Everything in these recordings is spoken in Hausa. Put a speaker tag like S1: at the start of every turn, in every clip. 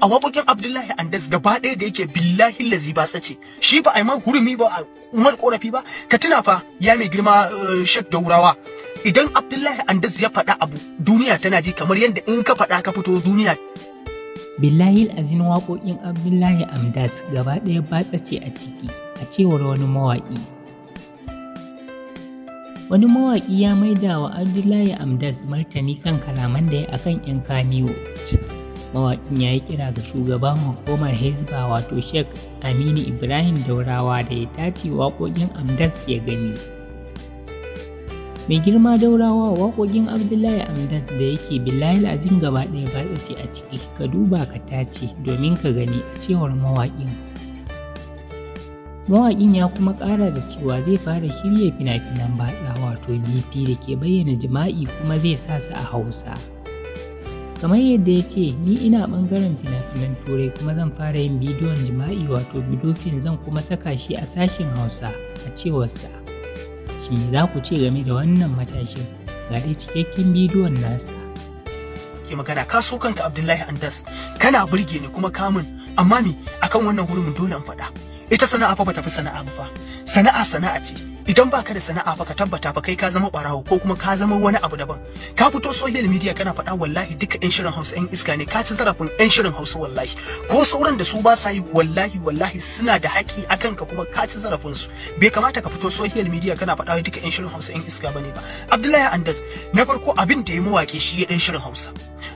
S1: a waƙoƙin Abdullahi Andas gaba ɗaya da yake billahi lazi ba sace shi ba a yi hurumi ba a umar korafi ba ka tuna fa ya mai girma eh, shak Daurawa idan Abdullahi Andas ya faɗa abu duniya tana ji kamar yadda in ka faɗa ka fito duniya
S2: billahi azin waƙoƙin Abdullahi Amdas gaba ɗaya ba sace a ciki a cewar wani mawaƙi wani mawaƙi ya maida wa abdullahi amdas martani kan kalaman da ya akan 'yan kaniwo mawaƙin ya yi kira ga shugaban hukumar hezba wato shek aminu ibrahim daurawa da ya dace waƙoƙin amdas ya gani mai girma daurawa waƙoƙin abdullahi amdas da yake Bilal azim gaba ɗaya ba ce a ciki ka duba ka tace domin ka gani a cewar mawaƙin mawaƙin ya kuma ƙara da cewa zai fara shirya fina-finan batsa wato bp da ke bayyana jima'i kuma zai sa su a hausa kamar yadda ya ce ni ina ɓangaren fina-finan turai kuma zan fara yin bidiyon jima'i wato bidofin zan kuma saka shi a sashen hausa a cewarsa shi za ku ce game da wannan matashin ga dai cikakken bidiyon nasa
S1: ke magana ka so kanka abdullahi andas kana burge ni kuma kamun amma me akan wannan hurumin dole in faɗa ita sana'a fa bata fi sana'a ba sana'a sana'a ce idan baka da sana'a fa ka tabbata fa kai ka zama barawo ko kuma ka zama wani abu daban ka fito social media kana faɗa wallahi duka yan shirin Hausa yan iska ne ka ci zarafin yan shirin Hausa wallahi ko sauran da su ba sa yi wallahi wallahi suna da haƙi akan ka kuma ka ci zarafin su bai kamata ka fito social media kana faɗa duka yan shirin Hausa yan iska bane ba Abdullahi Andas na farko abin da ya mawaƙi shi ya dan shirin Hausa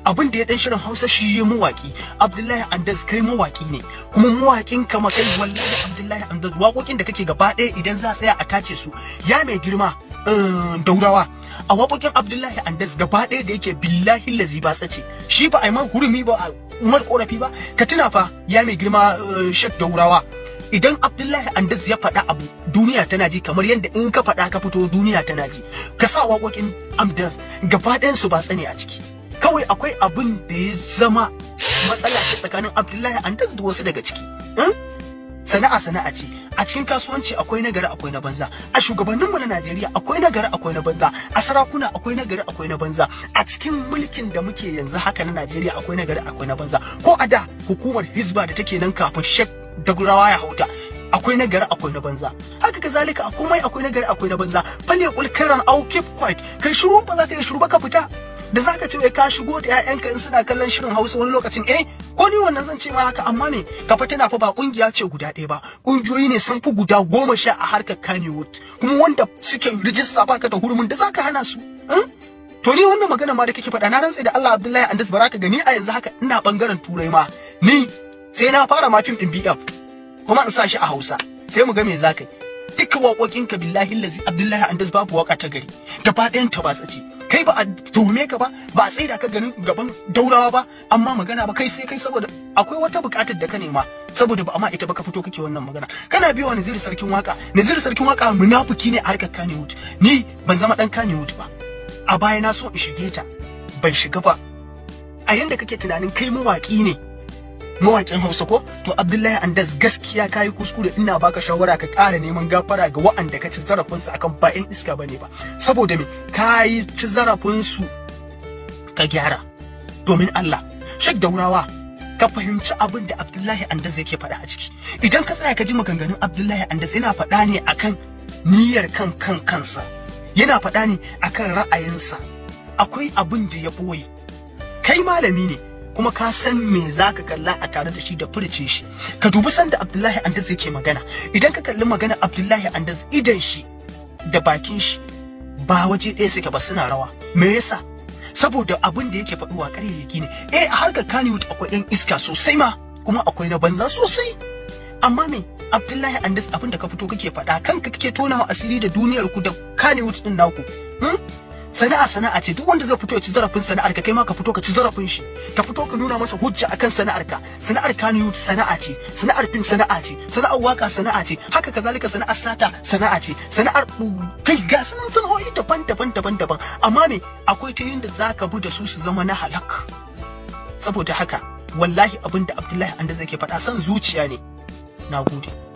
S1: abin da ya dan shirin hausa shi yi mawaki abdullahi andaz kai mawaki ne kuma mawakin kama kai wallahi abdullahi andaz waƙoƙin da kake gaba ɗaya idan za tsaya a tace su ya mai girma eh, daurawa a waƙoƙin abdullahi andaz gaba ɗaya da yake billahi lazi ba sace shi ba a yi hurumi ba a umar korafi ba ka tuna fa ya mai girma eh, shek daurawa idan abdullahi andaz ya faɗa abu duniya tana ji kamar yadda in ka faɗa ka fito duniya tana ji ka sa waƙoƙin Andaz gaba ɗayan su ba tsane a ciki kawai akwai abin da ya zama matsala ce tsakanin abdullahi an da wasu daga ciki sana'a sana'a ce a cikin kasuwanci akwai nagari akwai na banza a shugabannin mu na najeriya akwai nagari akwai na banza a sarakuna akwai nagari akwai na banza a cikin mulkin da muke yanzu haka na najeriya akwai nagari akwai na banza ko a da hukumar hizba da take nan kafin shek da gurawa ya hauta akwai nagari akwai na banza haka ka zalika a komai akwai nagari akwai na banza ne kulkiran au keep quiet kai shiru ba za ka yi shiru ba ka fita da zaka ce wai ka shigo da ƴaƴanka in suna kallon shirin Hausa wani lokacin eh ko ni wannan zan ce ma haka amma me ka fa tana fa ba kungiya ce guda ɗaya ba kungiyoyi ne sun fi guda goma sha a harkar Kannywood kuma wanda suke rijista baka da hurumin da zaka hana su hmm? to ni wannan magana ma da kake faɗa na rantsa da Allah Abdullahi Andis baraka gani a yanzu haka ina bangaren turai ma ni sai na fara ma fim din BF kuma in sa shi a Hausa sai mu ga me zaka yi duka waƙoƙinka billahi lazi Abdullahi andas babu waka ta gari gaba ɗayan ta ba tsaci kai ba a tuhume ka ba ba a da ka ganin gaban daurawa ba amma magana ba kai sai kai saboda akwai wata bukatar da ka nema saboda ba amma ita ba ka fito kake wannan magana kana biyo Nazir sarkin waka Nazir sarkin waka munafiki ne a harkar Kannywood ni ban zama dan Kannywood ba a baya na so in shige ta ban shiga ba a yanda kake tunanin kai mawaki ne mawaƙin Hausa ko to Abdullahi Andas gaskiya kayi kuskure ina baka shawara ka ƙara neman gafara ga wa'anda ka ci zarafin akan bayan iska bane ba saboda me kayi ci zarafin su ka gyara domin Allah shek daurawa ka fahimci abin da Abdullahi Andas yake faɗa a ciki idan ka tsaya ka ji maganganun Abdullahi Andas yana faɗa ne akan niyyar kan kan kansa yana faɗa ne akan ra'ayinsa akwai abin da ya boye kai malami ne kuma ka san me za ka kalla a tare da shi da furice shi ka dubi sanda abdullahi andaz yake magana idan ka kalli magana abdullahi andaz idan shi da bakin shi ba waje ɗaya suke ba suna rawa me yasa saboda abin da yake faɗuwa ƙaryayyaki ne eh a harkar kaniwood akwai ɗan iska sosai ma kuma akwai na banza sosai amma me abdullahi andaz abin da ka fito kake faɗa kanka kake tonawa asiri da duniyar ku da kaniwood ɗin naku hmm? sana'a sana'a ce duk wanda zai fito ya ci zarafin sana'ar ka kai ma ka fito ka ci zarafin shi ka fito ka nuna masa hujja akan sana'ar ka sana'ar kanu sana'a ce sana'ar film sana'a ce sana'ar waka sana'a ce haka kazalika sana'ar sata sana'a ce sana'ar kai ga sanan sana'o'i daban-daban daban-daban amma me akwai ta yinda zaka bi da su su zama na halak saboda haka wallahi abinda Abdullahi Anda zai ke faɗa san zuciya ne na gode